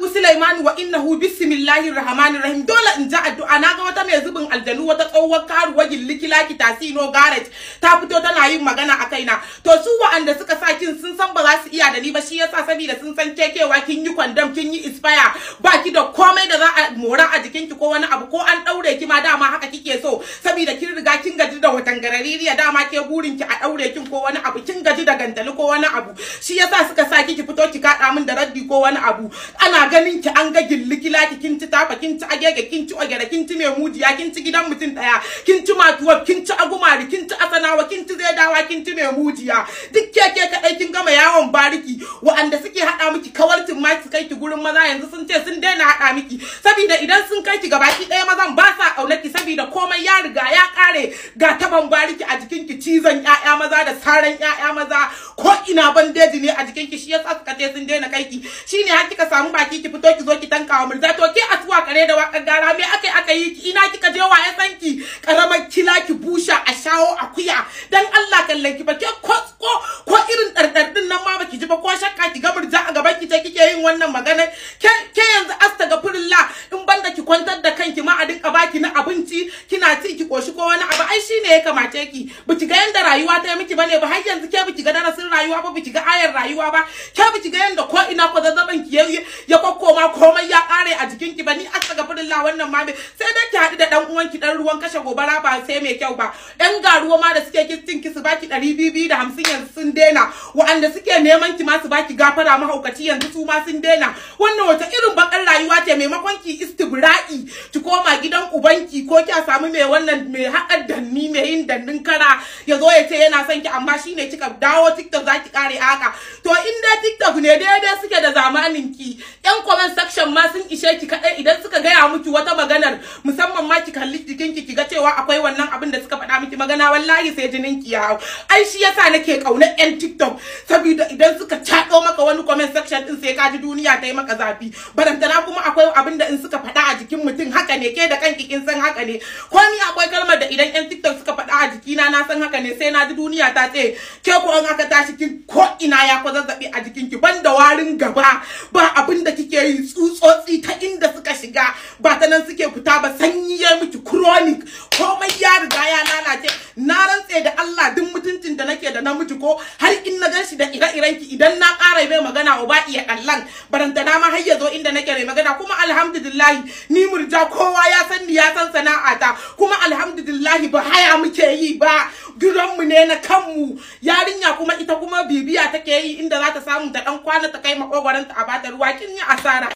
abu Sulaiman wa innahu bismillahir rahmanir rahim dole in ji addu'a ga wata mai zubin aljanu wata tsohuwar karuwa gillikilaki tasino garage ta fito tana yin magana a kaina to su wa'anda suka sa kin sun san ba za su iya da ni ba shi yasa saboda sun san kekewa kin yi kwandam kin yi inspire ba ki da komai da za a mora a jikinki ko wani abu ko an daure ki ma dama haka kike so saboda kin riga kin gaji da watangarariya dama ke burin ki a daure kin ko wani abu kin gaji da gantali ko wani abu shi yasa suka sa ki fito ki kada min da raddi ko wani abu ana ganin ki an ga gilliki laki kin ci tafa kin ci agege kin ci ogere kin ci memujiya kin ci gidan mutum daya kin ci matuwa kin ci agumari kin ci asanawa kin ci zaidawa kin ci memujiya duk keke kadai kin gama yawon bariki wa'anda suke hada miki kawaltin ma su kai ki gurin maza yanzu sun ce sun daina hada miki saboda idan sun kai ki gabaki daya mazan ba sa aulaki saboda komai ya riga ya kare ga taban bariki a jikin ki cizon ƴaƴa maza da saran ƴaƴa maza ko ina bandeji ne a jikin ki shi yasa suka ce sun daina kai shi shine har kika samu baki ki fito ki zo ki tanka wa murza to ke asuwa kare da wakar gara me aka aka yi ki ina kika je wa ya san ki karamar kila ki busha a shawo akuya dan Allah kallon ki ba ke ko ko irin dardardin nan ma baki ji ba ko shakka ki ga murza a gaban ki ta kike yin wannan magana baki na abinci kina ci ki koshi ko wani abu ai shine ya kamace ki biki ga yanda rayuwa ta miki bane ba har yanzu ke biki ga darasin rayuwa ba biki ga ayar rayuwa ba ke biki ga yanda ko ina ko zazzaban ki ya kokkoma komai ya kare a jikin ki bani ni astaghfirullah wannan ma sai dan ki haɗu da dan uwan ki dan ruwan kashe gobara ba sai mai kyau ba dan garuwa ma da suke kin ki su baki 250 yanzu sun daina wa'anda suke neman ki ma su baki gafara mahaukaci yanzu su ma sun daina wannan wata irin bakar rayuwa ce maimakon ki bira'i ki koma gidan ubanki ko kya samu mai wannan mai haɗar danni mai yin dannin kara ya zo ya ce yana son ki amma shi ne kika dawo TikTok ki kare haka to in dai TikTok ne daidai suke da zamanin ki yan comment section ma sun ishe ki kaɗai idan suka gaya miki wata maganar musamman ma ki kalli jikinki ki ga cewa akwai wannan abin da suka faɗa miki magana wallahi sai jinin ki ya ai shi yasa nake kaunar yan TikTok saboda idan suka caɗo maka wani comment section din sai ka ji duniya ta yi maka zafi barantana kuma akwai abin da in suka faɗa a jikin mutum haka ne ke da kanki kin san haka ne ko ni akwai kalmar da idan yan na san haka ne sai na ji duniya ta tsaye ke ko an aka tashi kin ko ina ya ko zazzabi a jikin ki ban da warin gaba ba abin da kike yi tsutsotsi ta inda suka shiga ba ta nan suke fita ba sanyi ya miki chronic komai ya riga ya lalace na rantse da Allah duk mutuncin da nake da namiji ko har in na gan shi da ire-iren ki idan na ƙara mai magana ba iya kallan baranta na ma har ya zo inda nake mai magana kuma alhamdulillah ni murja kowa ya san ni ya san sana'ata kuma alhamdulillah wallahi ba haya muke yi ba mu ne na kanmu yarinya kuma ita kuma bibiya take yi inda za ta samu ta dan kwana ta kai makogwaranta a bata ruwa kin yi asara